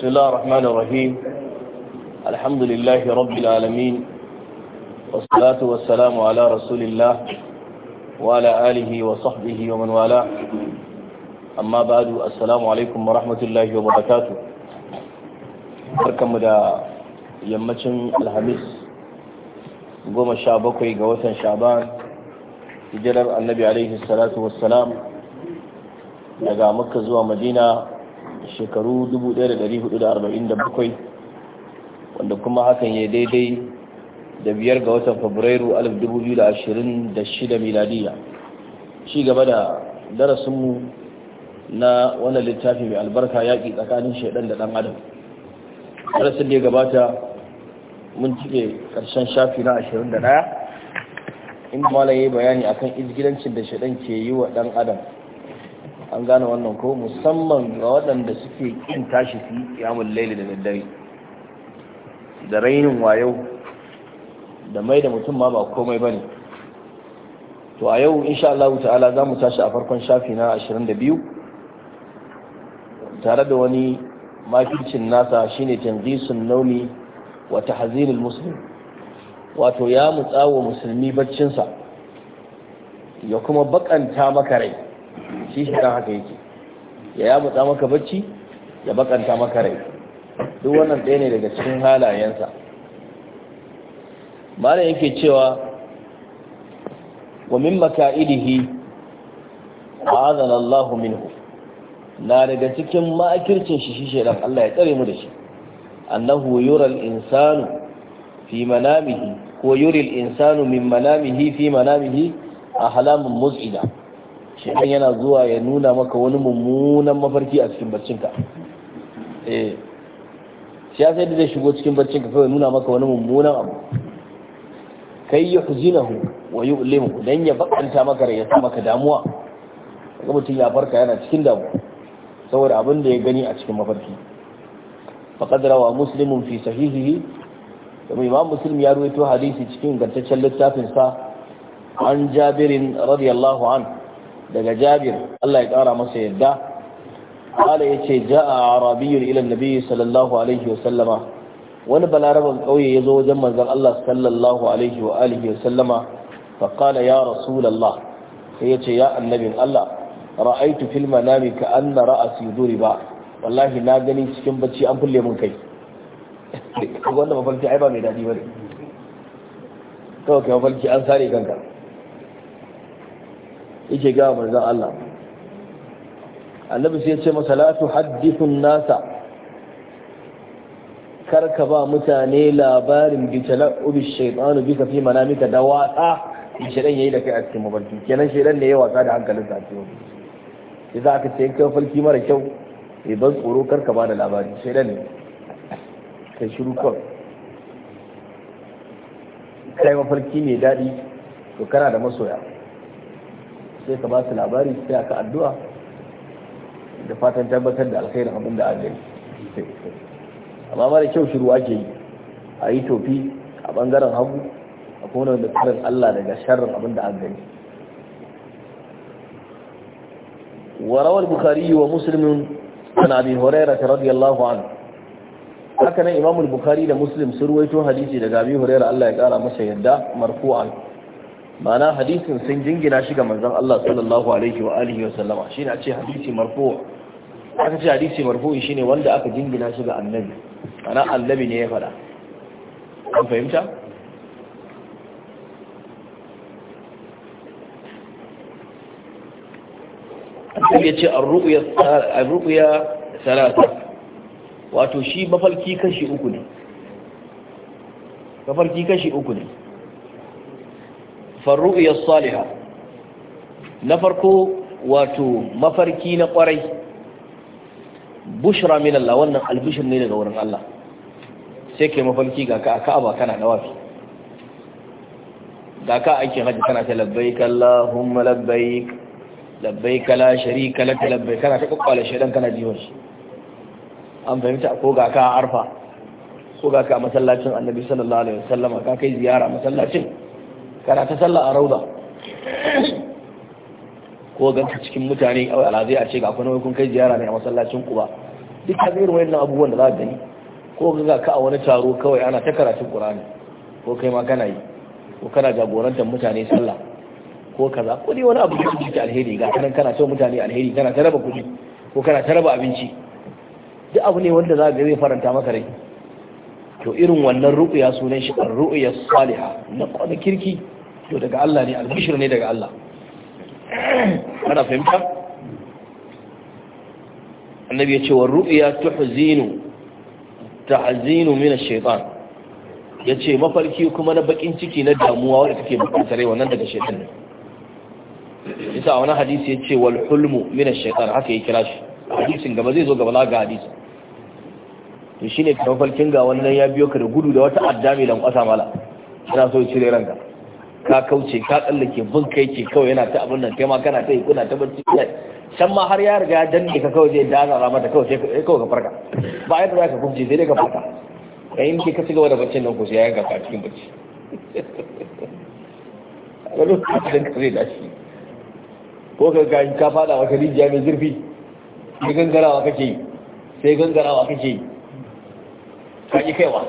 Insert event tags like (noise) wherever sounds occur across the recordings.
بسم الله الرحمن الرحيم الحمد لله رب العالمين والصلاة والسلام على رسول الله وعلى آله وصحبه ومن والاه أما بعد السلام عليكم ورحمة الله وبركاته barkanmu da yammacin alhamis goma sha bakwai ga watan shaban hijirar annabi alaihi salatu wassalam daga makka zuwa madina shekaru 1447 wanda kuma hakan ya daidai da biyar ga watan fabrairu 2026 miladiya shi gaba da darasinmu na wannan littafi mai albarka yaƙi tsakanin shaidan da ɗan adam darasin da ya gabata mun cike ƙarshen shafi na 21 inda malaye bayani akan izgilancin da shaidan ke yi wa ɗan adam an gane wannan ko musamman ga waɗanda suke kin tashi fi yamun laili da daddare da rainin wayo da mai da mutum ma ba komai ba ne to a yau insha Allah ta'ala za mu tashi a farkon shafi na 22 tare da wani makincin nasa shine tanzisun nauni wa tahzinul muslim wato ya mutsawo musulmi baccinsa ya kuma bakanta maka rai shi shi kan haka yake ya yamutsa maka bacci ya bakanta maka rai duk wannan ɗaya ne daga cikin halayensa malam yake cewa wa min maka'idihi a'zanallahu minhu na daga cikin ma'akircin shi shi Allah ya tsare mu da shi annahu yural insanu fi manamihi ko yuril insanu min manamihi fi manamihi a halamin muz'ida shekan yana zuwa ya nuna maka wani mummunan mafarki a cikin barcinka eh shi ya sai da zai shigo cikin barcinka kawai nuna maka wani mummunan abu kai ya huzinahu wa yi ulimu don ya bakanta maka rai ya sa maka damuwa ga mutum ya farka yana cikin damuwa saboda abin da ya gani a cikin mafarki faqad wa musulmin fi sahihihi kuma imam musulmi ya ruwaito hadisi cikin gantaccen littafinsa an jabirin radiyallahu anhu daga jabir Allah ya ƙara masa yadda Al'a qala yace jaa arabiyyun ila annabi sallallahu alaihi wa sallama wani balaraban kauye yazo wajen manzon Allah sallallahu alaihi wa alihi wa sallama fa qala ya rasulullah sai yace ya annabin Allah ra'aitu fil manami ka anna ra'si duriba wallahi na gani cikin bacci an kulle mun kai (laughs) wanda mafarki ai ba mai dadi bane kawai kai mafarki an sare kanka yake ga manzan Allah annabi sai ya ce masa la tuhaddithun nasa karka ba mutane labarin bitala ubi shaytanu bika fi manamika da wasa ya yayi da kai a cikin mafarki kenan shaidan ne ya wasa da hankalin sa cikin idan aka ce kai farki mara kyau bai ban tsoro karka ba da labari shaytan ne kai shiru kawai kai mafarki mai daɗi to kana da masoya sai ka ba su labari sai aka addu'a da fatan tabbatar da alkhairin abin da aka yi amma mara kyau shiru ake yi a yi tofi a bangaren hagu a kone da tsarin Allah daga sharrin abin da aka yi warawar bukari wa musulmin an abi huraira ta radiyallahu an haka nan imamul bukari da muslim sun ruwaito hadisi daga abi huraira Allah ya kara masa yadda marfu'an mana hadisin sun jingina shi ga manzon Allah sallallahu alaihi wa alihi wa shi ne a ce hadisi marfu aka ce hadisi marfu shine wanda aka jingina shi ga annabi ma'ana annabi ne ya fada an fahimta annabi ya ce ar-ru'ya sarata wato shi mafarki kashi uku ne mafarki kashi uku ne farru'iyar saliha na farko wato mafarki na kwarai bushra min Allah wannan albishir ne daga wurin Allah sai kai mafarki ga ka ka'aba kana dawafi ga ka aikin hajji kana ta labbaik Allahumma labbaik labbaik la sharika lak labbaik kana ta kokkwala shedan kana jiwon shi an fahimta ko ga ka arfa ko ga ka masallacin Annabi sallallahu alaihi wasallama ka kai ziyara masallacin ta sallah a rauda ko ganta cikin mutane a alazai a ce ga akwai nauyi kun kai ziyara ne a masallacin kuba duk ka zai ruwayin abubuwan da za ka gani ko ga ka a wani taro kawai ana ta karatun qur'ani ko kai ma kana yi ko kana jagorantar mutane sallah ko kaza ko dai wani abu da yake alheri ga kanan kana so mutane alheri kana ta raba kuɗi ko kana ta raba abinci duk abu ne wanda za ka zai faranta maka rai to irin wannan ru'ya sunan shi ar-ru'ya salihah na kwana kirki to daga Allah ne albishir ne daga Allah Kana fahimta annabi ya ce wa ru'ya tuhzinu tahzinu min ash-shaytan yace mafarki kuma na bakin ciki na damuwa wanda take bukatare wannan daga shaytan ne yasa wannan hadisi yace wal hulmu min ash-shaytan haka yake kira shi hadisin gaba zai zo gaba la ga hadisi to ne ka mafarkin ga wannan ya biyo ka da gudu da wata adda mai lankwasa mala yana so cire ranka ka kauce ka tsallake bin kai ke kawai yana ta abin nan kai ma kana ta yi kuna ta barci san ma har ya riga ya danne ka kawai zai rama mata kawai sai eh, kawai ka farka ba yadda za ka kunce sai dai ka farka ka yi ka ci gaba da baccin nan ko sai ya yanka ka cikin bacci (laughs) wani lokacin ka zai dace ko ka ka fada wata rijiya mai zurfi sai gangarawa kake sai gangarawa kake yi ka ƙi kaiwa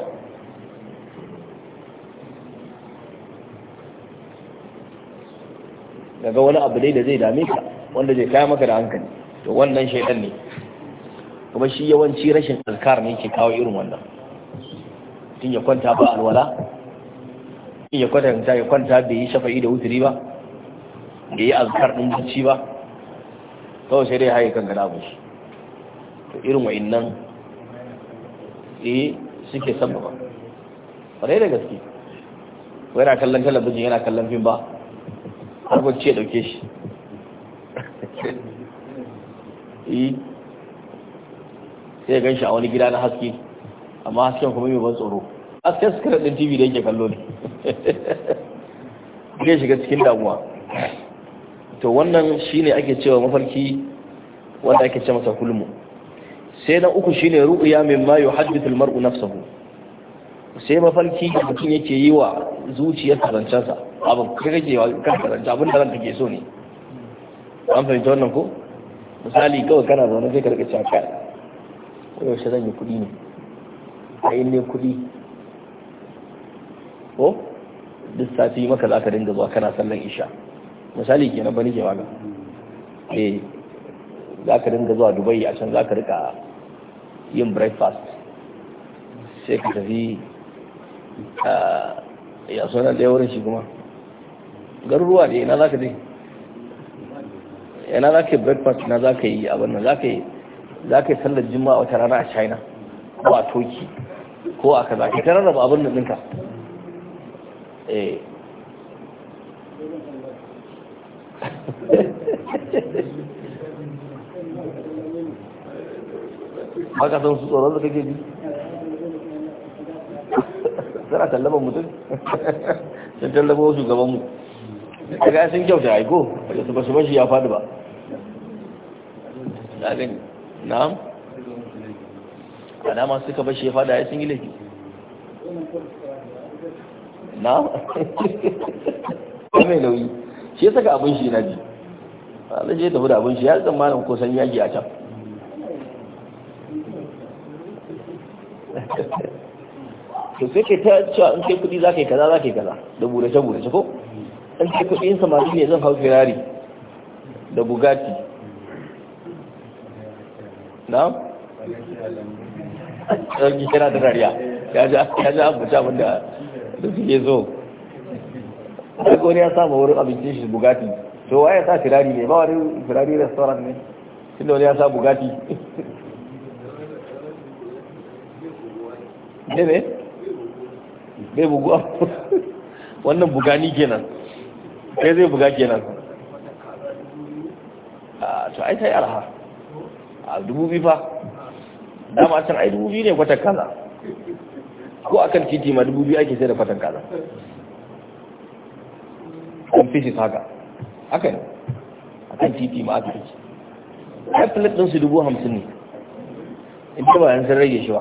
daga wani abu dai da zai dame ka wanda zai kaya maka da hankali to wannan shaidan ne kuma shi yawanci rashin alkar ne ke kawo irin wannan tun ya kwanta ba alwala in ya kwanta ya kwanta bai yi shafa'i da wuturi ba da yi alkar ɗin barci ba kawai sai dai haye kan gada shi to irin nan eh suke ba ƙwarai da gaske wai na kallon talabijin yana kallon fim ba har bacci ya ɗauke shi yi (laughs) eh. sai gan shi a wani gida na haske amma hasken kuma yi ban tsoro hasken suka ɗin tv da yake kallo ne (laughs) zai shiga cikin damuwa to wannan shine ake cewa mafarki wanda ake ce masa kulmu sai na uku shine ru'ya ma yuhaddithu al-mar'u nafsuhu sai mafarki da mutum yake yi wa zuciyar karancansa abin kage wa kan karanta abin da ran take so ne an fahimta wannan ko misali kawai kana zaune sai ka rika caka ko yaushe zan yi kuɗi ne a yi ne kuɗi ko duk safi maka za ka dinga zuwa kana sallan isha misali kenan ba nake magana eh za ka dinga zuwa dubai a can za ka rika yin breakfast sai ka tafi a yaso na daya wurin shi kuma garuruwa ne na za ka dai yana za ka yi breakfast na za ka yi abin za ka yi za ka yi sallar jima'a wata rana a china ko a toki ko a kaza ka ta rarraba abin nan ninka. eh (laughs) haka sun su tsoron da kake ji tana tallaban mutum sun tallaba wasu gaban mu daga sun kyauta aiko da su basu bashi ya faɗi ba na gani na'am a dama suka bashi ya faɗi a sun yi laifi na mai nauyi shi ya saka abin shi na ji alaje tafi da abin shi ya zama ko san yaji a can to sai ke ta cewa in kai kudi za ka yi kaza za ka yi kaza da burace burace ko in kai kudi in samari ne zan hau firari da bugatti na? ɗauki kira da rariya ya ji abuja abinda da suke zo duk wani ya samu wurin abinci shi bugatti to waye ya sa firari ne ba wani firari restaurant ne Tunda wani ya sa bugatti ne bai buguwa wannan bugani kenan kai zai buga kenan a to ai ta yi a dubu biyu fa dama can ai dubu biyu ne kwatan kaza ko a kan titi ma dubu biyu ake sai da kwatan kaza an fi shi haka haka ne a kan titi ma ake fi ai plate ɗinsu dubu hamsin ne in ba yan rage shi ba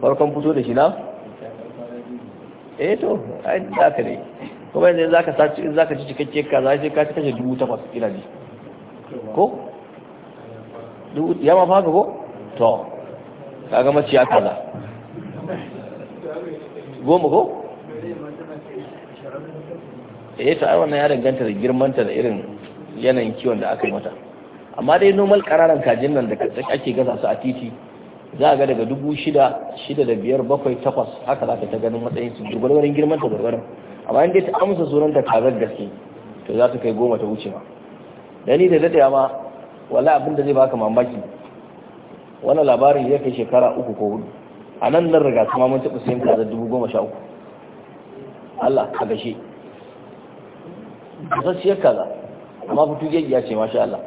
farkon fito da shi na eto eh to ai da ka ne kuma yanzu zaka saci in zaka ci cikakke ka za ka ci kashe dubu takwas kila ko dubu ya ma faka ko to kaga mace ya kaza goma ko eh ta ai wannan ya danganta da girmanta da irin yanayin kiwon da aka yi mata amma dai normal kararan kajin nan da ake gasa su a titi za a ga daga dubu shida shida da biyar bakwai takwas haka za ka ta ganin matsayin su gwargwarin girman ta gwargwarin amma inda ta amsa sunan ta kazar gaske to za ta kai goma ta wuce ma da ni da daɗe ma wala abin da zai baka mamaki wannan labarin ya kai shekara uku ko hudu a nan nan riga kuma mun taɓa sayan kazar dubu goma sha uku Allah ka gashe kasasshiyar kaza amma fitu ya ce masha Allah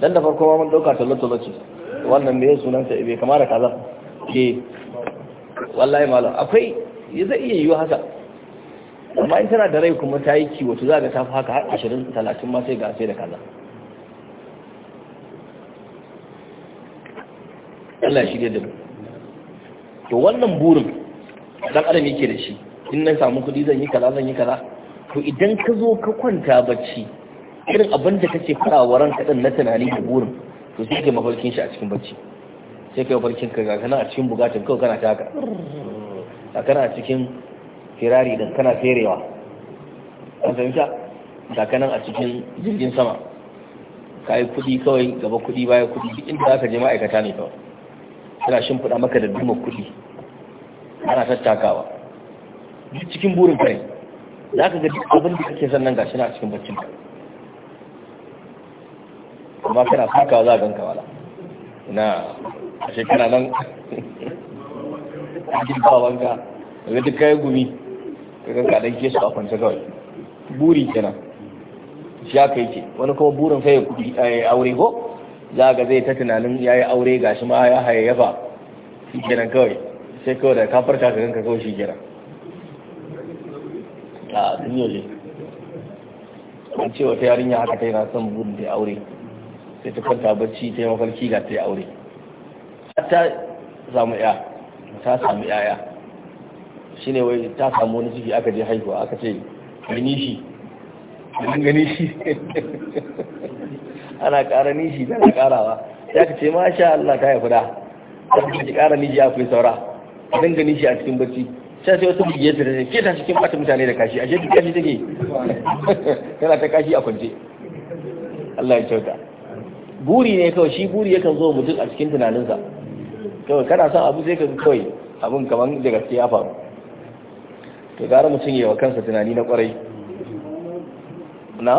dan da farko ma mun ɗauka tallo-tallo ce wannan ne sunanta eh, bai kama da kaza ke eh, wallahi malam akwai zai iya yiwu haka amma in tana da rai kuma ta yi kiwo to za ga ta fi haka har ashirin talatin ma sai ga sai da kaza Allah shi da mu to wannan burin dan adam yake da shi in na samu kuɗi zan yi kaza zan yi kaza to idan ka zo ka kwanta bacci irin abin da kake fara wa ranka din na tunani da burin to sai ke mafarkin shi a cikin bacci sai kai mafarkin ka kana a cikin bugatun kawai kana ta haka a kana a cikin firari din kana ferewa an fahimta sakanan a cikin jirgin sama ka yi kuɗi kawai gaba kuɗi baya kuɗi inda za ka je ma'aikata ne kawai suna shimfiɗa maka da duma kuɗi ana tattakawa duk cikin burin kai za ka ga duk abin da kake sannan shi na cikin baccin kai amma kana takawa za a ganka wala na a shekara nan a cikin babanka daga duk kayan gumi ka ganka dan ke su a kwance kawai buri kenan shi haka yake wani kuma burin sai ya eh, aure ko za ga zai ta tunanin ya yi aure shi ma ya yafa shi kenan kawai sai kawai da kafar ka ganka kawai shi kenan a duniya ce an ce ta yarinya haka ta yi na son burin da aure sai ta kwanta bacci ta yi mafarki ga ta yi aure ta samu ya ta samu yaya ne wai ta samu wani ciki aka je haihuwa aka ce gani shi an gani shi (laughs) ana ƙara nishi tana ƙarawa ya ka ce ma sha Allah ta yi fuda ta ka ce ƙara nishi akwai saura don gani shi a cikin bacci sai sai wata bugiyar ta ce ke ta cikin bata mutane da kashi ashe duk kashi take (laughs) tana ta kashi a kwance Allah ya kyauta buri ne kawai shi buri yakan zo mutum a cikin tunaninsa kawai kana son abu sai ka kawai abin kamar da gaske ya faru to gara mutum yi wa kansa tunani na kwarai na?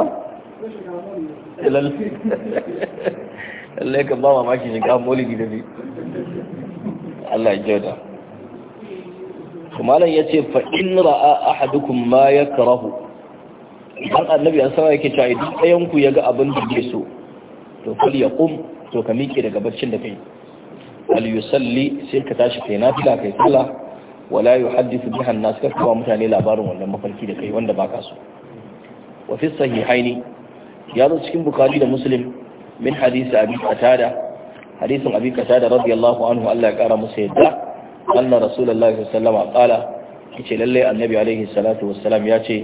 lallai kan ba mamaki shiga moli da bi Allah ya jauda kumalan ya ce fa'in ra'a ahadukum ma ya karahu idan annabi an sama yake cewa idan ɗayanku ya ga abin da ke so to kul yaqum to ka miƙe daga baccin da kai wal yusalli sai ka tashi kai nafila kai sallah wala yuhaddithu biha an-nas ka kuma mutane labarin wannan mafarki da kai wanda baka so wa fi sahihaini ya zo cikin bukhari da muslim min hadisi abi qatada hadisin abi qatada radiyallahu anhu Allah ya kara masa yadda anna rasulullahi sallallahu alaihi wasallam qala yace lalle annabi alaihi salatu wassalam ya ce,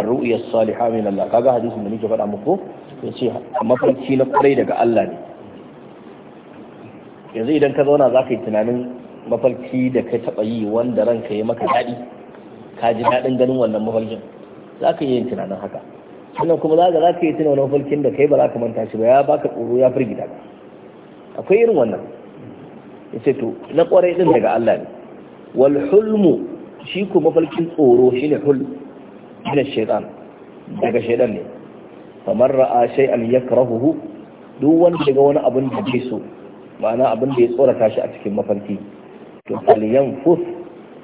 ruya as-salihah min Allah kaga hadisin da nake faɗa muku ya ce mafarki na kwarai daga Allah ne yanzu idan ka zauna za ka yi tunanin mafarki da ka taɓa yi wanda ranka ya maka daɗi ka ji daɗin ganin wannan mafarkin za ka yi yin tunanin haka sannan kuma za ka za ka yi tunanin mafarkin da kai ba za ka manta shi ba ya baka tsoro ya firgita ka akwai irin wannan ya ce to na kwarai din daga Allah ne wal hulmu shi ko mafarkin tsoro shine ne shine daga shaitan ne kamar ra'a ya yakrahuhu duk wanda daga wani abin da bai so ma'ana abin da ya tsorata shi a cikin mafarki to faliyan ya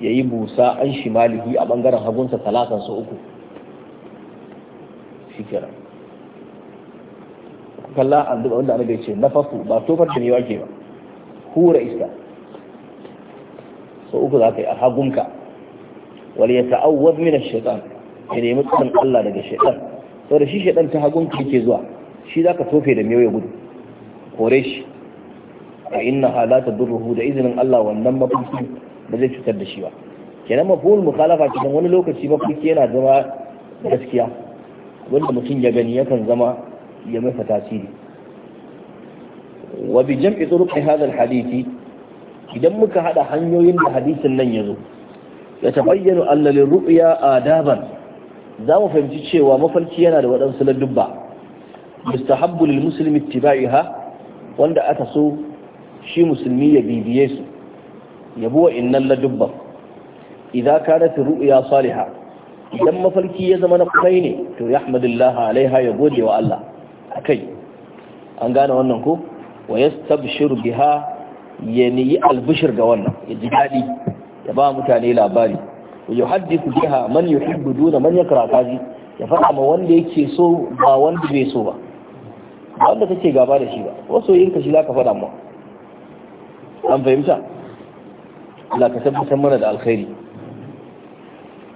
yayi busa an malihi a bangaren hagunsa talatan su uku shikenan kalla an duba wanda annabi ce nafasu ba tofar da ne wake ba hura iska so uku za ka yi a hagunka wal yata'awwaz min ash-shaytan ya nemi tsarin Allah daga shaytan da shi shaidan ta hagun ki yake zuwa shi zaka tofe da mewa ya gudu kore shi a inna halata durruhu da izinin Allah wannan mafarki ba zai cutar da shi ba kenan mafhumul mukhalafa cikin wani lokaci mafarki yana zama gaskiya wanda mutum ya gani yakan zama ya masa tasiri wa bi jam'i turuqi hadha al idan muka hada hanyoyin da hadisin nan yazo ya tabayyana anna lirru'ya adaban za mu fahimci cewa mafarki yana da waɗansu ladubba mustahabbu lil muslimi ittiba'iha wanda aka so shi musulmi ya bibiye su yabo wa innal ladubba idza kanat ru'ya salihah idan mafarki ya zama na kwai ne to ya hamdulillah alaiha ya gode wa Allah akai an gane wannan ko wa yastabshir biha ya niyi albishir ga wannan ya ji daɗi ya ba mutane labari yuhaddithu biha man yuhibbu duna man yakra kaji ya faɗa ma wanda yake so ba wanda bai so ba ba wanda kake gaba da shi ba wasu yin ka shi zaka faɗa ma an fahimta Allah ka tabbatar mana da alkhairi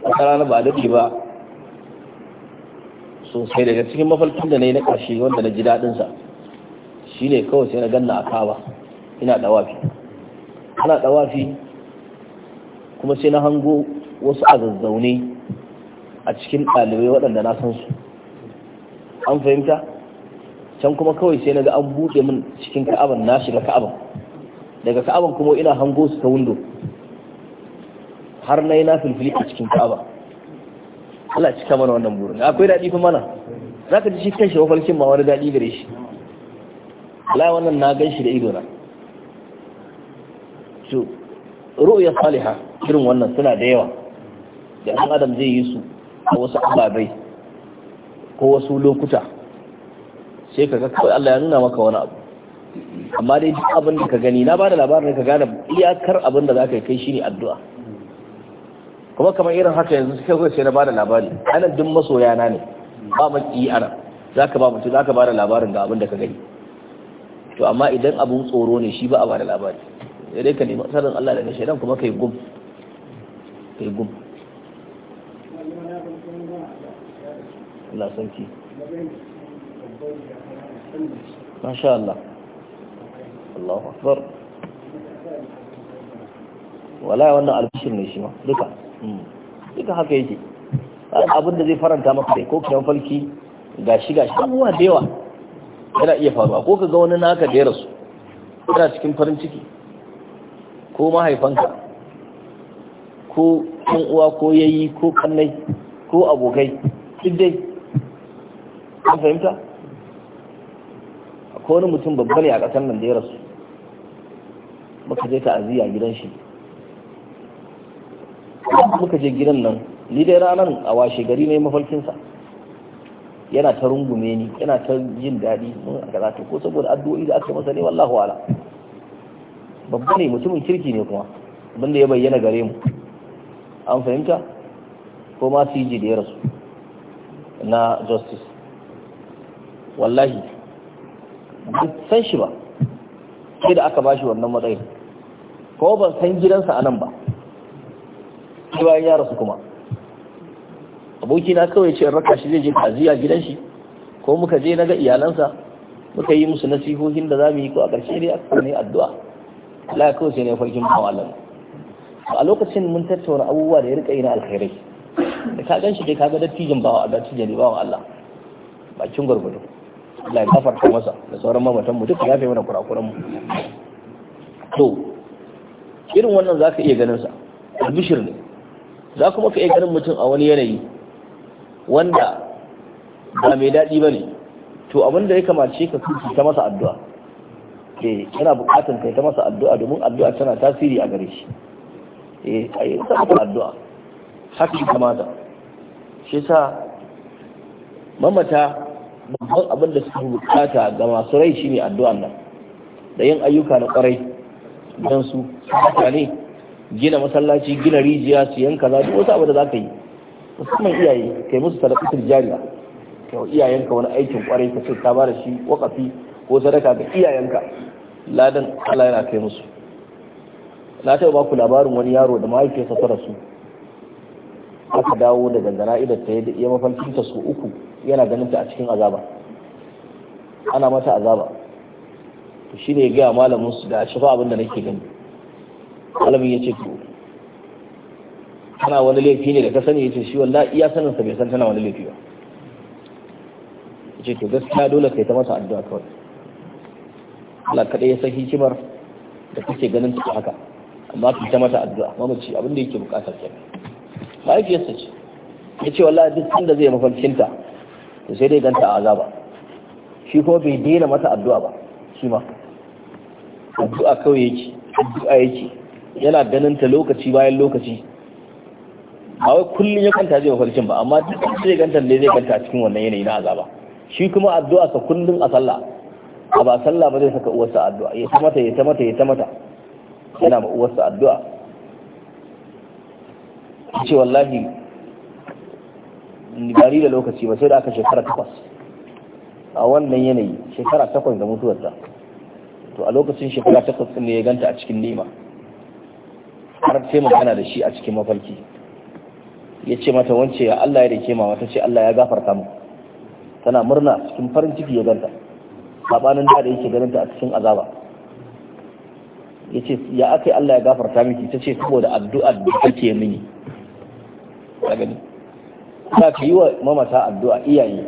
a rana ba daɗi ba sosai daga cikin mafalkin da na yi na ƙarshe wanda na ji daɗinsa shi ne kawai sai na ganna a kawa ina ɗawafi ana ɗawafi kuma sai na hango wasu a zazzaune a cikin ɗalibai waɗanda na san su an fahimta can kuma kawai sai na ga an buɗe min cikin ka'aban na shiga ka'aban daga ka'aban kuma ina hango su ta windo har na yi na filfili a cikin ka'aba Allah cika mana wannan burin akwai daɗi fa mana za ka ji shi kanshi mafalkin ma wani daɗi gare shi Allah wannan na gan shi da ido na ru'ya salihah irin wannan suna da yawa da ɗan adam zai yi su a wasu ababai ko wasu lokuta sai ka ga Allah ya nuna maka wani abu amma dai duk abin da ka gani na bada labarin ka gane iyakar abin da za yi kai shi ne addu'a kuma kamar irin haka yanzu sai kai sai na bada labari ana duk masoya na ne ba maki ana ka ba mutum ba bada labarin ga abin da ka gani to amma idan abun tsoro ne shi ba a bada labari sai dai ka nemi sanin Allah daga shaidan kuma kai gum kai gum Allah sarki masha Allah Allahu akbar wallahi wannan albishir ne shi ma duka hmm. duka haka yake abin da zai faranta maka dai ko kiyan falki gashi gashi abuwa da yawa yana iya faruwa ko ka ga wani naka da ya rasu yana cikin farin ciki ko mahaifanka ko ɗan uwa ko yayi ko kannai ko abokai duk dai an fahimta akwai wani mutum babba ne a ƙasar nan da ya rasu muka je aziya gidan shi muka je gidan nan ni dai ranar a washe gari ne mafalkinsa yana ta rungume ni yana ta jin daɗi mun a karatu ko saboda addu'o'i da aka masa ne wallahu ala babba ne mutumin kirki ne kuma abinda ya bayyana gare mu an fahimta ko ma cg da ya rasu na justice wallahi ban san shi ba sai da aka bashi wannan matsayi ko ban san gidansa a nan ba sai bayan ya rasu kuma aboki na kawai ce raka shi zai je kaziya gidan shi ko muka je na ga iyalansa muka yi musu nasihohin da za mu yi ko a ƙarshe dai aka ne addu'a Allah ya kawai sai ne farkin mawalan a lokacin mun tattauna abubuwa da ya rika yi na alkhairai da ka gan shi dai ka ga dattijin bawa a dattijin bawa Allah bakin gwargwado Allah ya gafarta masa da sauran mamatan mu duka yafe mana kurakuran mu to irin wannan za ka iya ganin sa albishir ne za kuma ka iya ganin mutum a wani yanayi wanda ba mai daɗi ba ne to abin da ya kamace ka kuki ta masa addu'a eh yana bukatun kai ta masa addu'a domin addu'a tana tasiri a gare shi eh ayi ta masa addu'a haka kamata shi sa mamata babban abin da suke bukata ga masu rai shine addu'an nan da yin ayyuka na kwarai don su mutane gina masallaci gina rijiya su yanka za duk wasu abu da za ka yi musamman iyaye kai musu sadaqatul jariya kai iyayenka wani aikin kwarai ka ce ka bada shi wakafi ko sadaka ga iyayenka ladan Allah yana kai musu na taɓa ba ku labarin wani yaro da mahaifiyarsa ta rasu aka dawo daga jana'idar ta ya mafarkin ta su uku yana ganin ta a cikin azaba ana mata azaba to shi ne ya gaya malamin su da shafa abin da nake gani malamin ya ce to tana wani laifi ne da ka sani ya ce shi wallahi iya sanin sa bai san tana wani laifi ba ya ce to gaskiya dole kai ta mata addu'a kawai Allah kaɗai ya san hikimar da kake ganin ta haka amma ka ta mata addu'a mamaci abin da yake bukatar kenan mahaifiyarsa ce ya ce wallahi duk sanda zai mafarkinta to sai dai ganta a azaba shi kuma bai daina mata addu'a ba shi ma addu'a kawai yake addu'a yake yana ganin ta lokaci bayan lokaci ba wai kullum ya kanta zai mafarkin ba amma duk zai ganta ne zai ganta a cikin wannan yanayi na azaba shi kuma addu'a sa kullum a sallah a ba sallah ba zai saka uwarsa addu'a ya ta mata ya ta mata ya ta mata yana ma uwarsa addu'a ce wallahi bari da lokaci ba sai da aka shekara takwas a wannan yanayi shekara takwas da mutuwarta to a lokacin shekara takwas ne ya ganta a cikin nema har sai magana da shi a cikin mafarki ya ce mata wance ya Allah ya ke mawa? Ta ce Allah ya gafarta mu tana murna cikin farin ciki ya ganta sabanin da da yake ganin ta a cikin azaba ya ce ya aka Allah ya gafarta miki ta ce saboda addu'ar da kake mini ka gani za ka yi wa mamata addu'a iyaye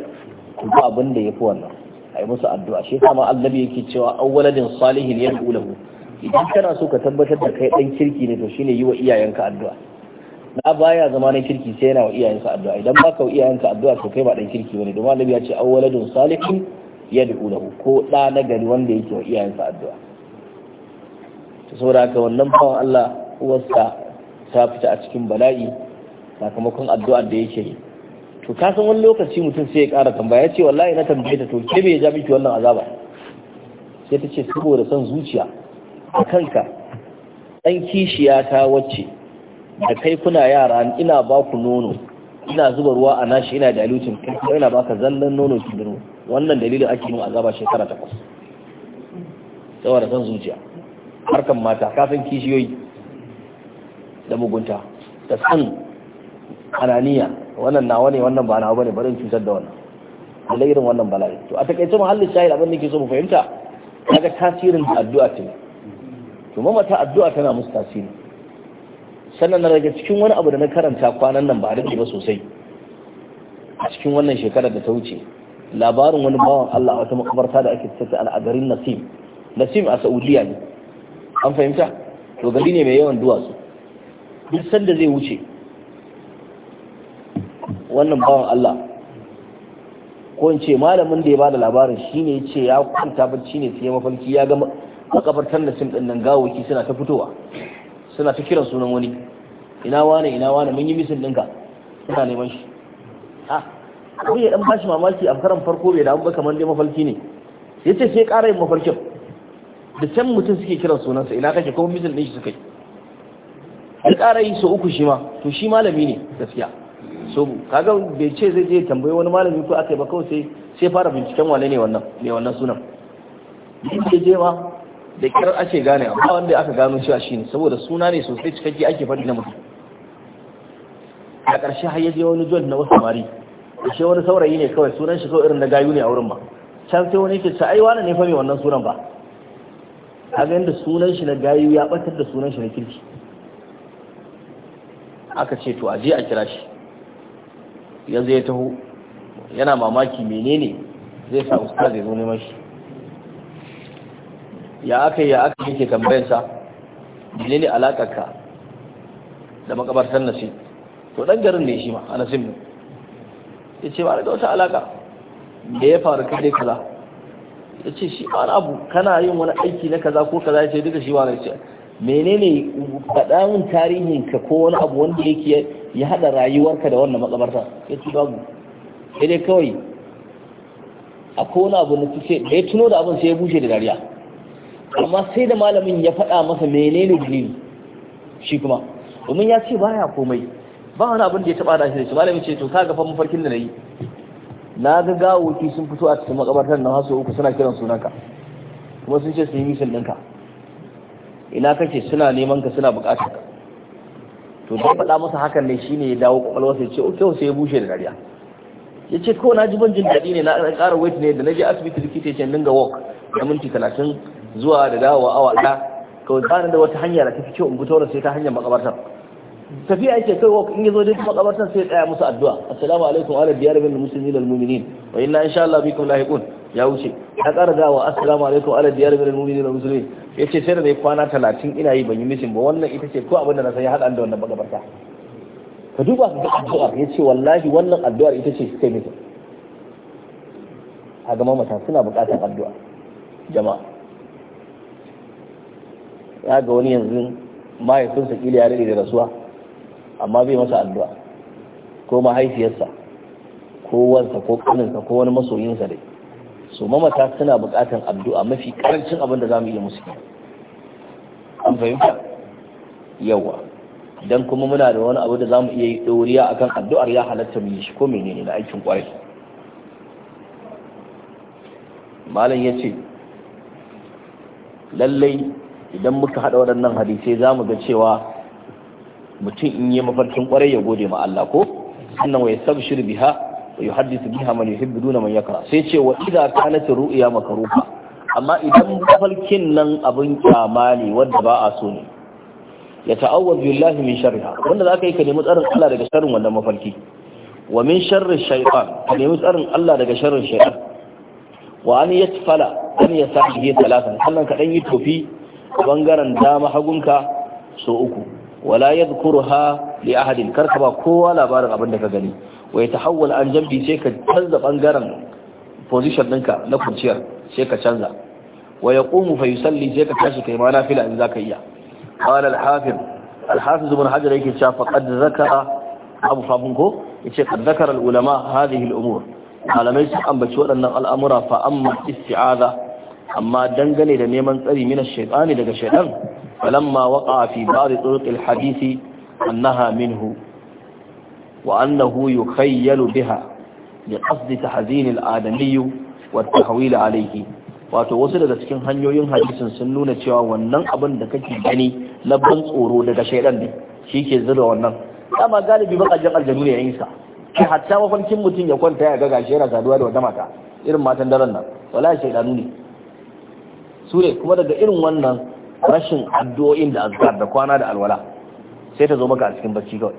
ku ba abin da ya fi wannan a yi musu addu'a shi sama allabi yake cewa waladin salihin ya lahu idan kana so ka tabbatar da kai dan kirki ne to shine yi wa iyayenka addu'a na baya zama na kirki sai yana wa iyayensa addu'a idan ba ka wa iyayenka addu'a to kai ba dan kirki bane domin allabi ya ce waladin salihin yadda lahu ko da na gari wanda yake wa iyayensa addu'a Ta saboda haka wannan bawan Allah uwarsa ta fita a cikin bala'i sakamakon addu'ar da yake yi to ka san wani lokaci mutum sai ya ƙara tambaya ya ce wallahi na tambaye ta to ke me ya ja miki wannan azaba sai ta ce saboda son zuciya a kanka ɗan kishiya ta wacce da kai kuna yara ina ba ku nono ina zuba ruwa a nashi ina da dilutin kai ina ina baka zallan nono ki dino wannan dalilin ake yin azaba shekara takwas saboda son zuciya harkan mata ka san kishiyoyi da mugunta da san ananiya wannan nawa ne wannan ba nawa bane bari in cutar da wannan Allah irin wannan bala'i to a takaice muhallin shahid abin da ke so mu fahimta kaga tasirin addu'a ce to mamata addu'a tana musu tasiri sannan na daga cikin wani abu da na karanta kwanan nan ba a rike ba sosai a cikin wannan shekarar da ta wuce labarin wani bawan Allah a wata makabarta da ake tattata al'adarin Nasim Nasim a Saudiya ne an fahimta to gari ne mai yawan duwatsu duk sanda zai wuce wannan bawan Allah ko in ce malamin da ya bada labarin shine ce ya kwanta bacci ne sai mafarki ya ga makabartar da sun dinnan nan suna ta fitowa suna ta kiran sunan wani ina wane ina wane mun yi misin dinka suna neman shi A ah, abin ya dan bashi mamaki a karan farko bai damu ba kamar dai mafarki ne yace sai ƙara yin mafarkin da can mutum suke kiran sunansa ina kake kuma misin din shi suka yi ya ƙara yi sau uku shi ma to shi malami ne gaskiya so kaga bai ce zai je tambayi wani malami ko akai ba kawai sai fara binciken wane ne wannan ne wannan sunan yake je ma da kirar ake gane amma wanda aka gano cewa ne, saboda suna ne sosai cikakke ake faɗi na mutum a ƙarshe har yaje wani joint na wasu mari ashe wani saurayi ne kawai sunan shi kawai irin na gayu ne a wurin ba can sai wani yake ce ai wani ne fa mai wannan sunan ba kaga yanda sunan shi na gayu ya batar da sunan shi na kirki aka ce to a je a kira shi yanzu ya taho yana mamaki menene zai sa ustaz ya zo neman shi ya aka ya aka yake tambayar sa menene alakar ka da san nasi to dan garin ne shi ma a nasin ne ya ce ba da wata alaka da ya faru kai kaza ya ce shi ba abu kana yin wani aiki na kaza ko kaza ya ce duka shi na ce menene faɗa min tarihin ka ko wani abu wanda yake ya haɗa rayuwarka da wannan makabarta ya ci babu sai dai kawai akwai wani abu na tushe da ya tuno da abin sai ya bushe da dariya amma sai da malamin ya faɗa masa menene dalili shi kuma domin ya ce baya komai ba wani abin da ya taɓa da shi da shi malamin ce to ka ga fa mafarkin da na yi na ga gawoki sun fito a cikin makabartar nan hasu uku suna kiran sunanka kuma sun ce sun yi misal ɗinka ina kace suna neman ka suna bukatar ka to da faɗa masa hakan ne shine ya dawo kwakwalwa sai ce oh, kyau sai ya bushe da dariya ya ce ko na ji ban jin daɗi ne na ƙara weight ne da na je asibiti likita ya ce dinga walk na minti talatin zuwa da dawowa awa ɗaya kawai ba da wata hanya da ta fi kyau in fito sai ta hanyar makabartar tafiya yake kai walk in yazo dai makabartar sai ya tsaya musu addu'a assalamu alaikum ala diyar bil muslimin al mu'minin wa inna insha Allah bikum lahiqun ya wuce ya ƙara dawa assalamu alaikum ala diyar min al da musulmi Ya ce sai da zai kwana talatin ina yi ban yi mishin ba wannan ita ce ko abin da na san ya hada da wannan bagabarta ka duba ka ga addu'ar ce wallahi wannan addu'ar ita ce sai mutum a gama mata suna buƙatar addu'a jama'a ya ga wani yanzu mahaifinsa kila ya rage da rasuwa amma bai masa addu'a ko mahaifiyarsa ko wansa ko kaninsa ko wani masoyinsa dai so mamata suna bukatan addu'a mafi karancin abin da zamu iya musu an fahimta yawa kuma muna da wani abu da zamu iya yi a akan addu'ar ya halatta mu yi shi ko menene na aikin kwarai malam yace lallai idan muka haɗa waɗannan hadisai zamu ga cewa mutum in yi mafarkin kwarai ya gode ma Allah ko sannan wa yastabshir biha yuhaddisu biha man yuhibbu duna man yakra sai ce wa idza kanat ru'ya makruha amma idan mafarkin nan abin kyama ne wanda ba a so ne ya ta'awwaz billahi min sharriha wanda zaka yi ka nemi tsarin Allah daga sharrin wannan mafalki. wa min sharri shaytan ka nemi tsarin Allah daga sharrin shaytan wa an yatfala an yasahi talatan sannan ka dan yi tofi bangaren dama hagunka so uku wala yadhkuruha li ahadin karka ba kowa labarin abin da ka gani wai ta hawwal an jambi sai ka canza bangaren position ɗinka na kunciyar sai ka canza wa ya ƙumu fa sai ka tashi kai ma fila in za ka iya qala al-hafiz al-hafiz yake cewa abu fafin ko yace qad zakara al-ulama hadhihi al-umur malamai sun ambaci waɗannan al'amura fa amma isti'aza amma dangane da neman tsari mina shaiɗani daga shaiɗan falamma waƙa fi ba'd turuq al-hadisi annaha minhu وأنه يخيل بها لقصد تحزين الآدمي والتحويل عليه wato wasu daga cikin hanyoyin hadisin sun nuna cewa wannan abin da kake gani labban tsoro daga shaidan ne shi ke zira wannan dama galibi bakajin aljanu ne yayin sa kai hatta mafarkin mutum ya kwanta ya gaga shera saduwa da wata mata irin matan daren nan wala shaidanu ne su ne kuma daga irin wannan rashin addu'o'in da azkar da kwana da alwala sai ta zo maka a cikin bacci kawai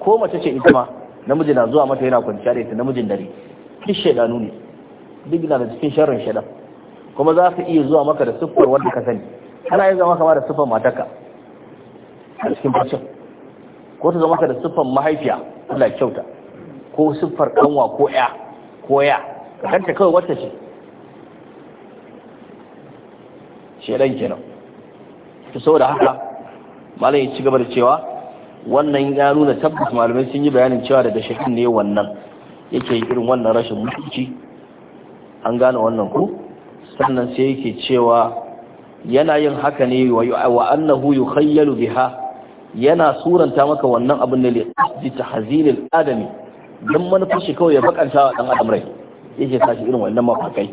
ko mace ce ita ma namiji na zuwa mata yana kwanciya da ita namijin dare duk shaidanu ne duk na da cikin sharrin shaidan kuma za ka iya zuwa maka da siffar wanda ka sani ana yin zama kama da siffar mataka a cikin fashin ko ta zama ka da siffar mahaifiya Allah kyauta ko siffar kanwa ko ya ko ya ka kanta kawai wata ce shaidan kenan to saboda haka malam ya ci gaba da cewa wannan ya nuna tabbas malamai sun yi bayanin cewa daga shahin ne wannan yake irin wannan rashin mutunci an gane wannan ku sannan sai yake cewa yana yin haka ne wa annahu yukhayyalu biha yana suranta maka wannan abin da li ta hazinin adami don manufar shi kawai ya bakanta wa dan adam rai yake shi irin wannan mafakai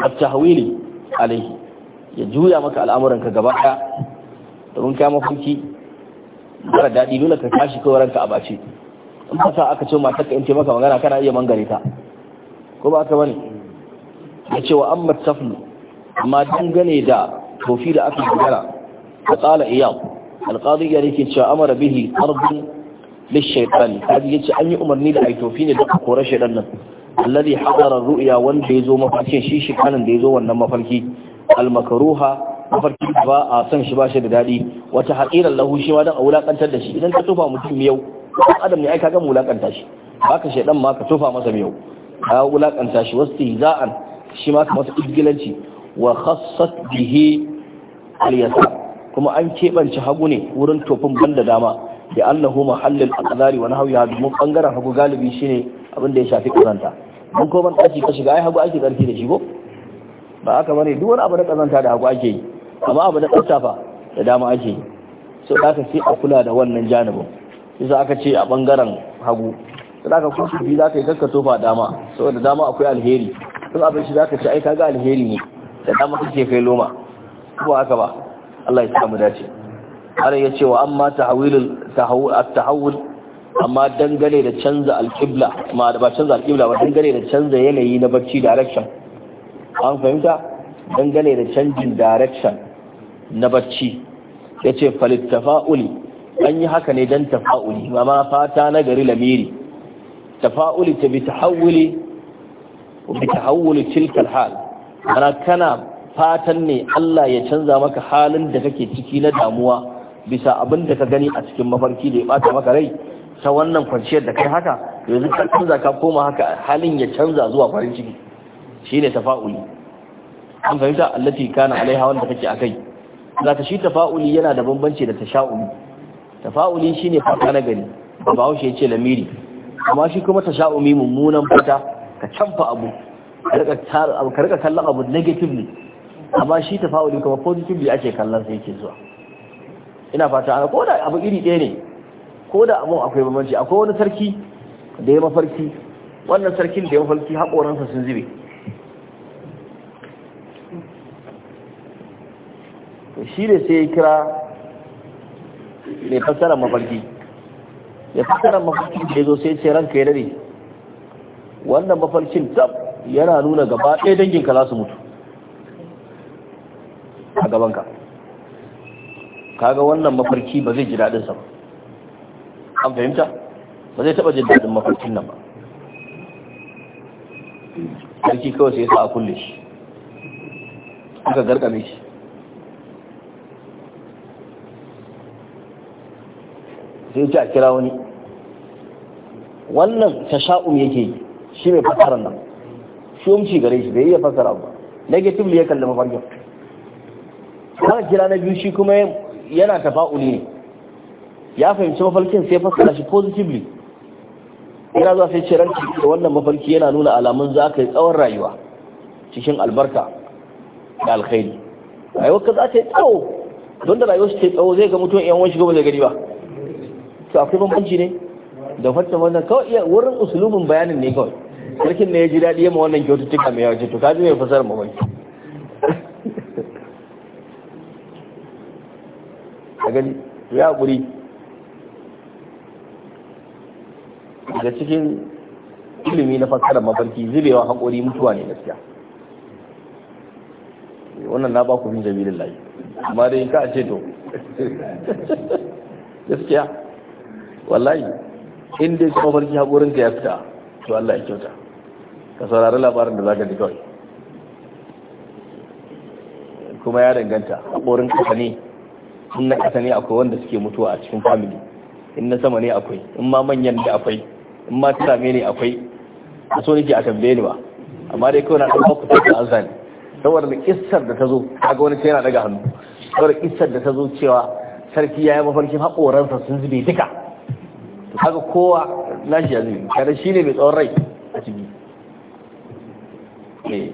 at tahwili alaihi ya juya maka al'amuranka gaba daya domin kai mafarki mara daɗi dole ka tashi kawai ranka a bace in ka sa aka ce matar ka in maka magana kana iya mangare ta ko ba ka bane ya ce wa amma taflu amma dangane da tofi da aka magana ka tsala iyam alƙadi ya rike cewa amara bihi ardun lishaitan kaji ya ce an yi umarni da aitofi ne da ka kora shaitan nan alladhi hadara ru'ya wanda ya zo mafarkin shi shi kanin da ya zo wannan mafarki al mafarki ba a son shi ba shi da daɗi wata haƙiran lahu shi ma dan a wulaƙantar da shi idan ka tofa mutum yau ɗan adam ne ai ka ga wulaƙanta shi ba ka dan ma ka tofa masa yau ka wulaƙanta shi wasu tihza'an shi ma ka masa izgilanci wa khassat bihi aliyasa kuma an keɓance hagu ne wurin tofin banda dama da annahu mahallin aqdari wa nahwiha domin bangaren hagu galibi shine abin da ya shafi ƙazanta. mun ko ban daki ka shiga ai hagu ake karfi da shi ko ba aka bane duk wani abu na kazanta da hagu ake yi amma abu na tsaftafa da dama ake yi so da aka sai a kula da wannan janibin yasa aka ce a bangaren hagu sai aka kusa biyu za ka yi kakka tofa dama saboda dama akwai alheri sun shi za ka ci ai kaga alheri ne da dama kake kai loma ko haka ba Allah ya samu dace har ya ce wa amma tahawilul tahawul amma dangane da canza alqibla ma ba canza alqibla ba dangane da canza yanayi na bacci direction an fahimta dangane da canjin direction na barci ya ce falittafa'uli an yi haka ne don tafa'uli ma ma fata na gari lamiri tafa'uli ta bi tahawuli bi tahawuli tilkal hal ana kana fatan ne Allah ya canza maka halin da kake ciki na damuwa bisa abin da ka gani a cikin mafarki da ya bata maka rai ta wannan kwanciyar da kai haka yanzu ka canza ka koma haka halin ya canza zuwa farin ciki Shi ne tafa'uli an fahimta allafi kana alaiha wanda kake kai. ta shi tafa'uli yana da bambanci da tasha'uli tafa'uli shine fata na gani ba haushe yace lamiri amma shi kuma tasha'umi mummunan fata ka canfa abu ka rika kallon abu negatively amma shi tafa'uli kuma positively ake kallon sai yake zuwa ina fata ana koda abu iri ɗaya ne ko da abun akwai bambanci akwai wani sarki da ya mafarki wannan sarkin da ya mafarki haƙoransa sun zube shi da sai ya kira mai fassara mafarki ya fassara mafarki da ya zo sai ce ranka ya dare wannan mafarkin tab yana nuna gaba ɗaya danginka za su mutu a gabanka kaga wannan mafarki ba zai ji daɗinsa ba an fahimta ba zai taɓa jin daɗin mafarkin nan ba sarki kawai sai ya sa a kulle shi aka garkame shi sai ce a kira wani wannan tasha'um yake yi shi mai fasarar nan shi umci gare shi bai iya fasara ba negative ya kalli mafarkin aka kira na biyu shi kuma yana tafa'uli ne ya fahimci mafarkin sai fasara shi positively yana zuwa sai ce ranci da wannan mafarki yana nuna alamun za ka yi tsawon rayuwa cikin albarka da alkhairi rayuwar ka za ta yi tsawo don da rayuwar su ta yi tsawo zai ga mutum yan wani shiga ba zai gani ba to akwai bambanci ne da fata wannan kawai iya wurin usulubin bayanin ne kawai sarkin ne ya ji daɗi yamma wannan kyaututtuka mai yawa to kaji mai fasar mamaki (laughs) a gani ya haƙuri daga cikin ilimi na fasarar mafarki zubewa haƙori mutuwa ne gaskiya wannan na ba ku fi jami'in layi amma dai ka ce to (laughs) gaskiya wallahi in dai kuma farki haƙorin ka ya fita to Allah ya kyauta ka saurari labarin da zaka ji kawai kuma ya danganta haƙorin ƙasa ne in na kasa ne akwai wanda suke mutuwa a cikin family in na sama ne akwai in ma manyan da akwai in ma tsame ne akwai a so nake a tambaye ni ba amma dai kawai na ɗan ku ta azan saboda da kissar da ta zo kaga wani sai yana daga hannu saboda kissar da ta zo cewa sarki ya yi mafarkin haƙoransa sun zube duka haka kowa nashi ya zai kada shi ne mai tsawon rai a ciki eh.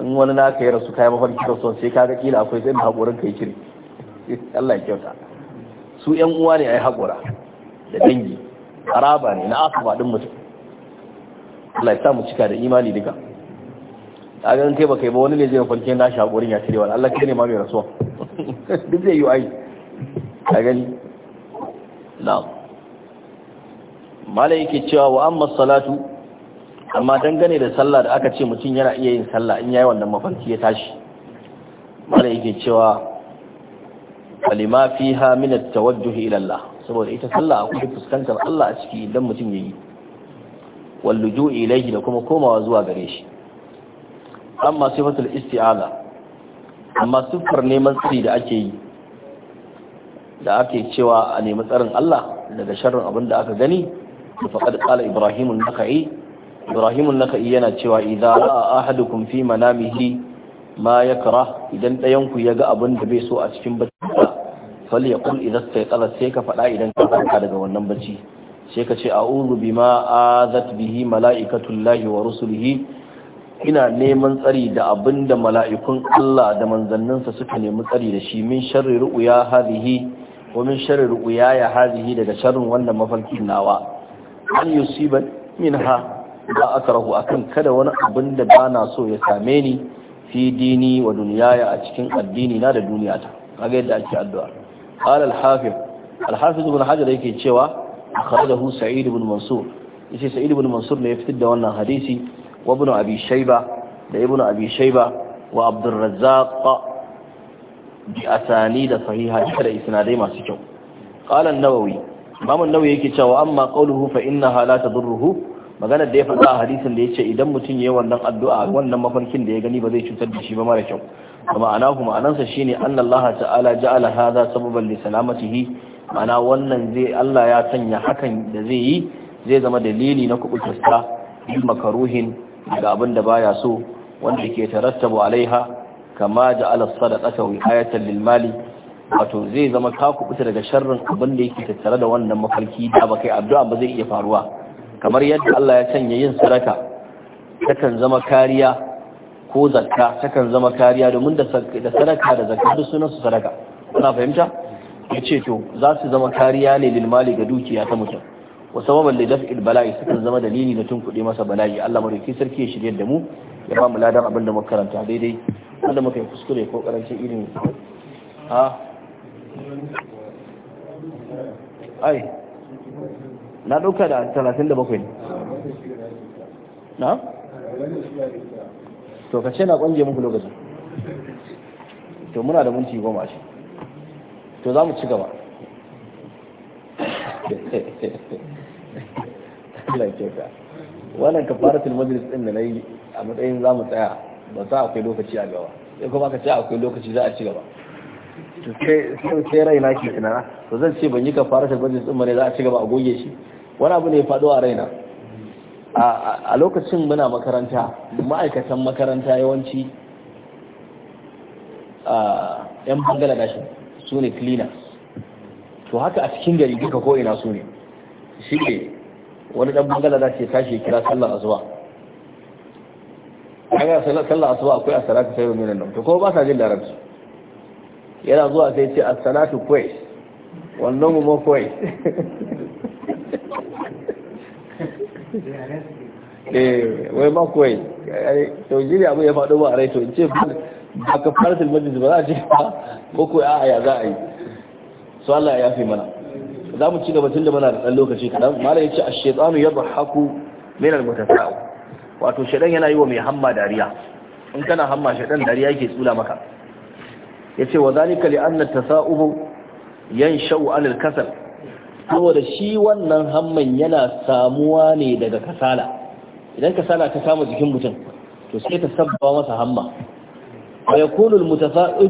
in wani na ka yi rasu kayan mafarki son sai kaga kila akwai zai haƙorin yi kiri Allah ya kyauta su yan uwa ne a yi haƙora da dangi haraba ne na aka faɗin mutum Allah ya samu cika da imani duka a ganin kai ba kai ba wani ne zai mafarki na shi haƙorin ya cirewa Allah kai ne ma mai rasuwa (laughs) duk zai yi ayi a gani na'am yake cewa wa amma salatu amma dangane da sallah da aka ce mutum yana iya yin sallah in yayi wannan mafarki ya tashi malai yake cewa kalima fiha min at-tawajjuh ila Allah saboda ita sallah akwai fuskantar Allah a ciki idan mutum yayi wal luju' ilayhi da kuma komawa zuwa gare shi amma sifatul isti'aza amma siffar neman tsari da ake yi da ake cewa a nemi tsarin Allah daga sharrin abin da aka gani da faqad qala ibrahim an Ibrahimun ibrahim yana cewa idza ra'a ahadukum fi manamihi ma yakrah idan dayan ku yaga abin da bai so a cikin bacci falyaqul idza istayqala sai ka faɗa idan ka farka daga wannan bacci sai ka ce a'udhu bima azat bihi mala'ikatullahi wa rusulihi ina neman tsari da abin da mala'ikun Allah da manzanninsa suka nemi tsari da shi min sharri ru'ya hadhihi wa min sharri ru'yaya hadhihi daga sharrin wannan mafarkin nawa an ba minha ba akrahu akan kada wani abin da bana so ya same ni fi dini wa dunyaya a cikin addini na da duniyata kaga yadda ake addu'a qala al-hafiz al-hafiz ibn yake cewa akhrajahu sa'id ibn mansur yace sa'id ibn mansur ne ya fitar da wannan hadisi wa ibn abi shayba da ibn abi shaiba wa abdurrazzaq bi asani da sahiha da isnadai masu kyau qala an-nawawi imam an-nawawi yake cewa amma qawluhu fa innaha la tadurruhu magana da ya faɗa a hadisin da yace idan mutum yi wannan addu'a wannan mafarkin da ya gani ba zai cutar da shi ba mara kyau ma'ana kuma anansa shine annallaha ta'ala ja'ala hadha sababan li salamatihi ma'ana wannan zai Allah ya sanya hakan da zai yi zai zama dalili na kubutarsa makaruhin ga abin da baya so wanda ke tarattabu alaiha kama da sadaqata wiqayatan lil lilmali wato zai zama ka kubuta daga sharrin abin da yake tattare da wannan mafarki da ba kai addu'a ba zai iya faruwa kamar yadda Allah ya sanya yin sadaka takan zama kariya ko zakka takan zama kariya domin da sadaka da zakka duk sunan su sadaka kana fahimta yace to za su zama kariya ne lil ga dukiya ta mutum wa sababan da daf'il bala'i sukan zama dalili na tunkuɗe masa bala'i Allah madauki sarki ya shirye da mu ya ba mu ladan abin da muka karanta daidai wanda muka yi kuskure ko karance irin ha ai na ɗauka da 37 na? to ka ce na ƙwanje muku lokacin to muna da minti goma shi to za mu ci gaba (laughs) Allah ka wannan kafaratul majlis din da nayi a matsayin zamu tsaya ba sa akwai lokaci a gaba sai kuma ka ce akwai lokaci za a ci gaba to sai sai raina ke tunana to zan ce ban yi kafaratul majlis din bane za a ci gaba a goge shi wani abu ne ya faɗo a raina a lokacin muna makaranta ma'aikatan makaranta yawanci yan bangaladeshi su ne cleaners to haka a cikin gari duka ko ina su ne shi ne wani ɗan bangala za ce tashi kira sallar asuba ga sallar asuba akwai a salatu sai min nan ta to ba sa jin larabci yana zuwa sai ce a salatu kwai wannan mu kwai (laughs) eh wai ma kwai to jiri abu ya faɗo ba a rai to in ce ba ka fara silmajin ba za a ce ba ko ko a ya za a yi su Allah ya fi mana za mu ci gaba tunda muna da ɗan lokaci kaɗan malam ya ce a shaitanu ya zahaku min almutasa'u wato shaitan yana yi wa mai hamma dariya in kana hamma shaitan dariya yake tsula maka ce wa zalika li anna tasa'ubu yansha'u 'ala al saboda shi wannan hamman yana samuwa ne daga kasala idan kasala ta kama jikin mutum to sai ta sabba masa hamma wa yakunu al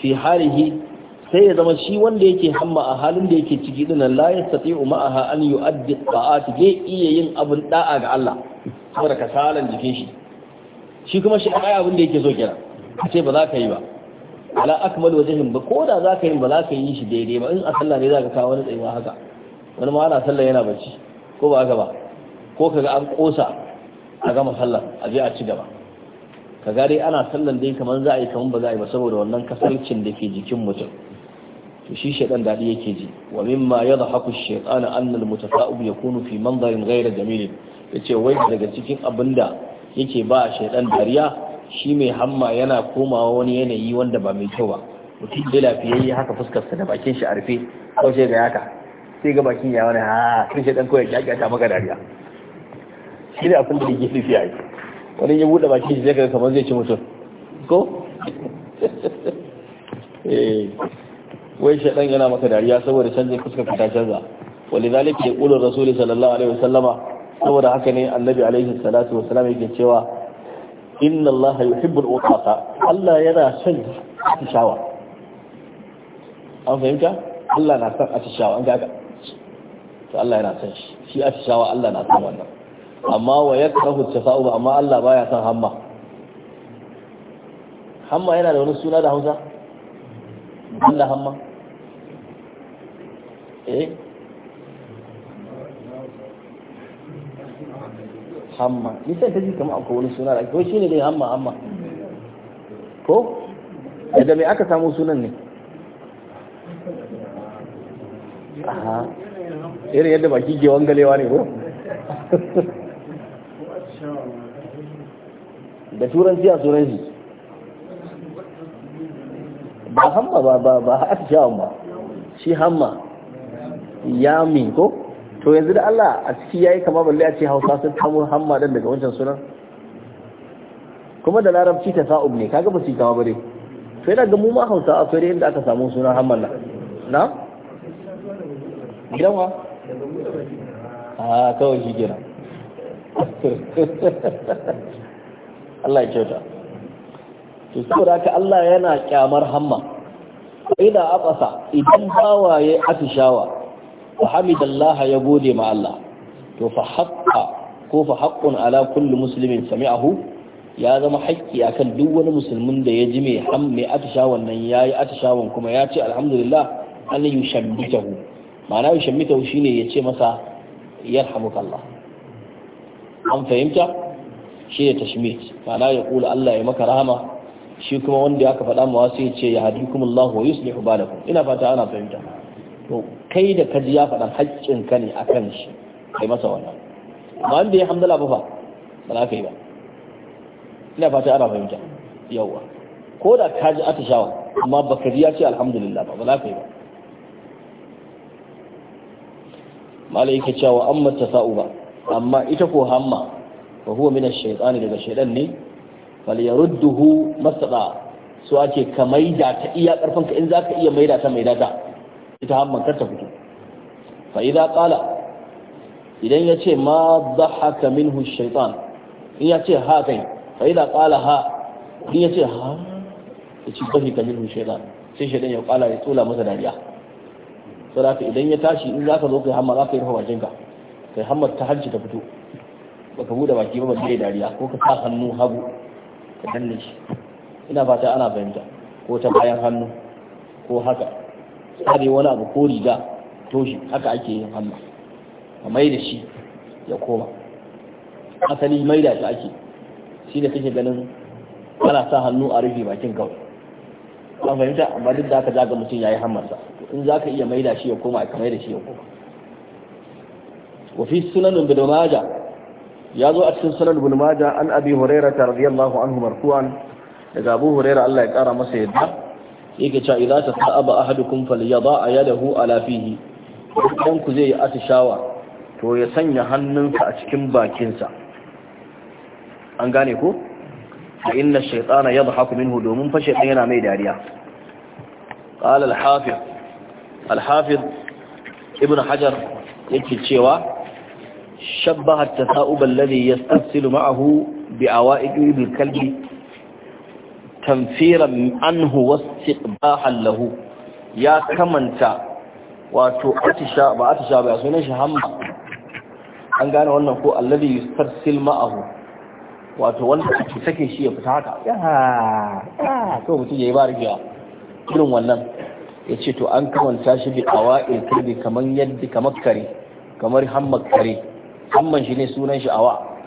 fi halihi sai ya zama shi wanda yake hamma a halin da yake ciki din la yastati'u ma'aha an yu'addi ta'at zai iya yin abin da'a ga Allah saboda kasalan jikin shi shi kuma shi ai abin da yake so kira a ce ba za ka yi ba ala akmal wajhin ba koda za ka yi ba za ka yi shi daidai ba in a sallah ne za ka kawo wani tsayuwa haka wani ma ana sallah yana bacci ko ba haka ba ko kaga an kosa a gama sallah a je a ci gaba kaga dai ana sallan dai kamar za a yi kamar ba za a yi ba saboda wannan kasancin da ke jikin mutum to shi shaitan dadi yake ji wa mimma yadhaku ash-shaytan anna al-mutasa'ib yakunu fi manzarin ghayra jamil yace wai daga cikin abinda yake ba shaitan dariya shi mai hamma yana komawa wani yanayi wanda ba mai kyau ba mutum da lafiyayye haka fuskarsa da bakin shi a rufe ko sai ga haka sai ga bakin ya wani ha sun shaitan kawai ya ta maka dariya shi ne abin da yake nufi a yi wani ya buɗe bakin shi zai ga kamar zai ci mutum ko (laughs) eh wai shaidan yana maka dariya saboda canjin fuskar ka ta canza walidhalika yaqulu rasulullahi sallallahu alaihi wasallama saboda haka ne annabi alaihi salatu wasallam yake cewa inna allaha yuhibbul Allah yana son atishawa an fahimta Allah na son atishawa an to Allah yana son shi atishawa Allah na son wannan amma wa yakrahu tafa'u amma Allah baya son hamma hamma yana da wani suna da Hausa Allah hamma hamma nisan ta ji kamar akwai wani suna da ko ne dai hamma hamma ko da mai aka samu sunan ne aha irin yadda baki ke wangalewa ne ko da turanci a turanci ba hamma ba ba ba atishawan ba shi hamma yami ko to yanzu da Allah a ciki yayi kama balle a ce Hausa sun samu Muhammadan daga wancan sunan kuma da larabci ta sa'ub ne kaga ba su kama bare to yana ga mu ma Hausa a da inda aka samu sunan Muhammad na? na gidan wa a kawai shi gina, (laughs) Allah ya kyauta to saboda ka Allah yana kyamar hamma idan abasa idan bawaye atishawa fa hamidallaha ya gode ma Allah to fa haqqa ko fa haqqun ala sami'ahu ya zama haƙƙi akan duk wani musulmin da ya ji mai ham atishawan nan yayi atishawan kuma ya ce alhamdulillah an yushammitahu ma'ana yushammitahu shine ya ce masa yarhamukallah an fahimta shi ne tashmit ma'ana ya kula Allah ya maka rahama shi kuma wanda aka faɗa mawa sai ya ce ya hadikumullahu wa yuslihu balakum ina fata ana fahimta to kai da kaji ya faɗa haƙƙin ka ne kan shi kai masa wannan ba wanda ya hamdala ba fa ba na ka yi ba ina fata ana fahimta yawwa ko da kaji atishawa amma ba ka ji ya ce alhamdulillah ba ba na ka yi ba malaika cewa amma ba. amma ita ko hamma ba huwa min ash-shaytan daga shaytan ne fal yarudduhu masada su ake ka maida ta iya karfin ka in zaka iya maida ta maida ta ita hamman kar ta fito fa idan kala idan ce ma dhahaka minhu shaytan in ya ce ha kai fa idan kala ha in ce ha yace dhahaka minhu shaytan sai shaytan ya kala ya tula masa dariya saboda idan ya tashi in zaka zo kai hamma zaka yi hawa jinka kai hammar ta hanci ta fito baka bude baki ba bai dariya ko ka sa hannu hagu ka danne shi ina fata ana fahimta ko ta bayan hannu ko haka tsare wani abu ko riga toshi haka ake yin hamma a mai da shi ya koma asali mai da shi ake shi da kake ganin ana sa hannu a rufe bakin kawai an fahimta amma duk da haka zaga mutum ya yi hammarsa in za ka iya mai da shi ya koma ka mai da shi ya koma wafi sunan ibn maja ya zo a cikin sunan ibn maja an abi hurairah radiyallahu anhu marfu'an daga abu hurairah Allah ya kara masa yadda yake cewa idza tasaba ahadukum ya yadahu ala fihi dan ku zai atishawa to ya sanya hannunsa a cikin bakinsa an gane ko fa inna ash-shaytana yadhaku minhu domin fa shaytan yana mai dariya qala al-hafiz al-hafiz ibn hajar yake cewa shabbaha at-tasa'ub alladhi yastasilu ma'ahu bi'awa'iq bil kalbi tamfiran anhu wastiqbahan lahu ya kamanta wato atisha ba atisha ba sunan shi hamma an gane wannan ko alladhi yustarsil ma'ahu wato wanda ake sake shi ya fita haka ya to mutum yayi ba rigiya irin wannan yace to an kamanta shi bi awa'il kirbi kaman yadda kamar kare kamar hammar kare hamman shi ne sunan shi awa'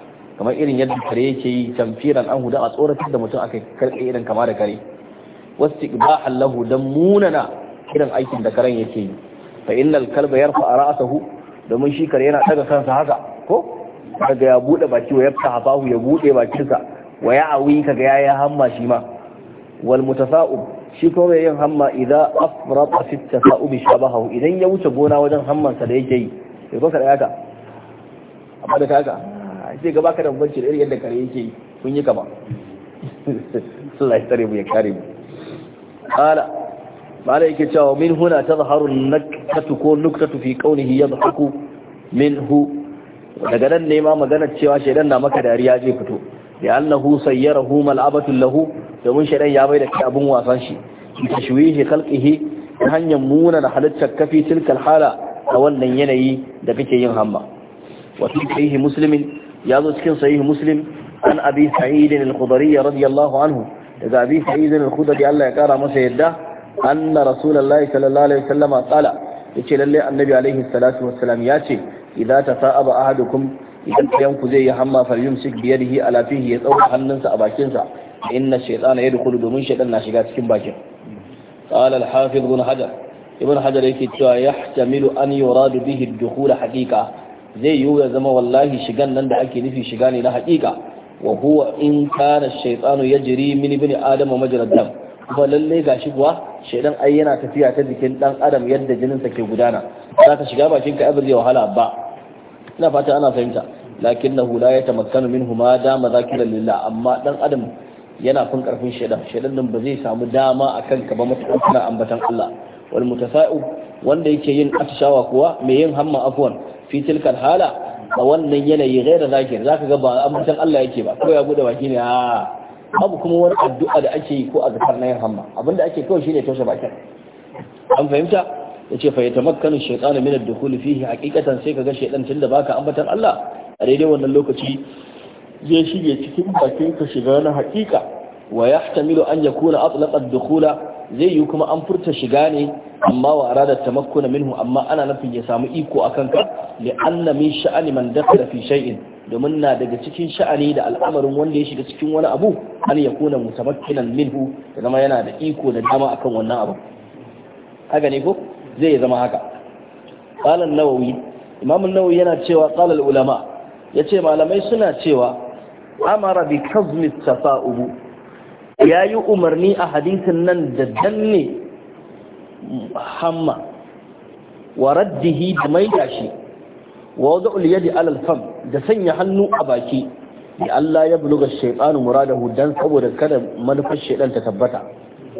kamar irin yadda kare yake yi tamfiran an huda a tsoratar da mutum aka karɓe irin kama da kare wasu ba lahu don munana irin aikin da karen yake yi fa innal kalba yarfa a ra'asahu domin shi kare yana daga kansa haka ko daga ya bude baki wa yafta hafahu ya bude bakinsa wa ya awi ka ya ya hamma shi ma wal mutasa'ub shi mai yin hamma idza afrata fi tasa'ubi shabahu idan ya wuce gona wajen hammansa da yake yi sai ko kada haka amma da zai ga baka da bambanci da yadda kare yake yi kun yi kama Allah ya tsare mu ya kare mu qala mala yake cewa min huna tazharu nakatu ko nuktatu fi qawlihi yadhaku minhu daga nan ne ma magana cewa shaidan na maka dariya zai fito da annahu sayyarahu malabatu lahu domin shedan ya bai da abun wasan shi tashwihi khalqihi hanyar muna da halittar kafi tilkal hala a wannan yanayi da kake yin hamma wasu fi muslimin ya zo cikin sahihu muslim an abi sa'id al-khudri radiyallahu anhu daga abi sa'id al-khudri Allah ya kara masa yadda anna rasulullahi sallallahu alaihi wasallam qala yace lalle annabi alaihi salatu wassalam yace idza tasa'aba ahadukum idan ɗayan zai yi hamma fal yumsik bi yadihi ala fihi ya tsawon hannunsa a bakinsa inna shaytana yadkhulu domin shaytan na shiga cikin bakin qala al hafiz ibn hajar ibn hajar yake cewa yahtamilu an yuradu bihi ad-dukhul haqiqa zai yiwu ya zama wallahi shigan nan da ake nufi shiga ne na haƙiƙa wa huwa in kana shaytanu yajri min ibn adama majrad dam kuma lalle shi kuwa shaydan ai yana tafiya ta jikin dan adam yadda jinin sa ke gudana ka shiga bakin ka abin zai wahala ba ina fata ana fahimta lakinnahu la yatamakkanu minhu ma dama zakiran lillah amma dan adam yana kun karfin shaydan shaydan din ba zai samu dama akan ka ba mutum kana ambatan Allah wal mutasa'u wanda yake yin atishawa kuwa mai yin hamma afwan fi tilkal hala a wannan yanayi gaira zakir zaka ga ba ambatan Allah yake ba ko ya bude baki ne a babu kuma wani addu'a da ake yi ko a na yin hamma abinda ake kawai shine toshe bakin an fahimta yace fa yatamakkanu shaytanu min ad-dukhul fihi haqiqatan sai kaga shaytan tunda baka ambatan Allah a daidai wannan lokaci zai shige cikin bakin ka shiga na haqiqa wa yahtamilu an yakuna atlaqa ad-dukhula zai yi kuma an furta shiga ne amma wa arada tamakkuna minhu amma ana nufin ya samu iko akan ka li anna min sha'ani man dakhala fi shay'in domin na daga cikin sha'ani da al'amarin wanda ya shiga cikin wani abu an ya kuna mutamakkinan minhu da zama yana da iko da dama akan wannan abu haka ne ko zai zama haka qala an-nawawi imam an-nawawi yana cewa qala al-ulama yace malamai suna cewa amara bi kazmi ubu. ya yi umarni a hadisin nan da danne hamma wa raddihi da mai gashi. wa wadda uliyadi alalfam da sanya hannu a baki da Allah ya buluga shaifanu muradahu dan saboda kada manufar shaidan ta tabbata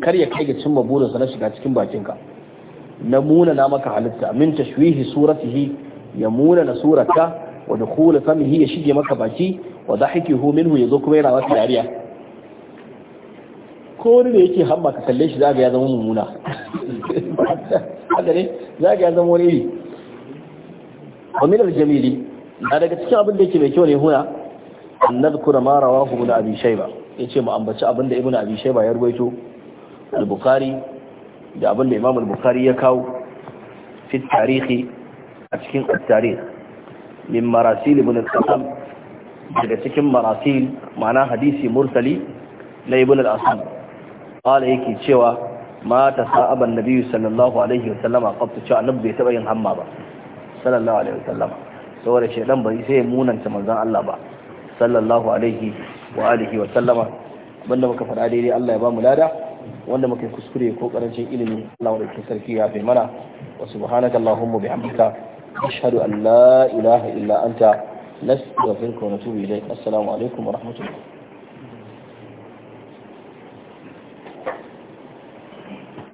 kar ya kai ga cimma burinsa na shiga cikin bakinka na muna na maka halitta min tashwihi suratihi ya muna na surata wa dukhul famihi ya shige maka baki wa dahikihu minhu yazo kuma yana maka dariya ko wani da yake hamma ka kalle shi za ga ya zama mummuna haka ne ga ya zama wani iri Kwamilar minar jamili na daga cikin abin da yake mai kyau ne huna an nadkura ma na ibn abi shayba yace mu ambaci abin da ibn abi shayba ya ruwaito al-bukhari da abin da imam al-bukhari ya kawo Fit tarihi a cikin at-tarikh min marasil ibn al-qasim daga cikin marasil ma'ana hadisi mursali na ibn al-asam qala yake cewa mata ta sa'aba annabi sallallahu alaihi wa sallama qabta cewa annabi bai taba yin hamma ba sallallahu alaihi wa sallama saboda shedan bai sai munanta manzon Allah ba sallallahu alaihi wa alihi wa sallama abinda muka faɗa daidai Allah ya ba mu lada wanda muka kuskure ko karancin ilimi Allah wadda sarki ya fi mana wa subhanaka allahumma bihamdika ashhadu an la ilaha illa anta nastaghfiruka wa natubu ilayk assalamu alaikum wa rahmatullah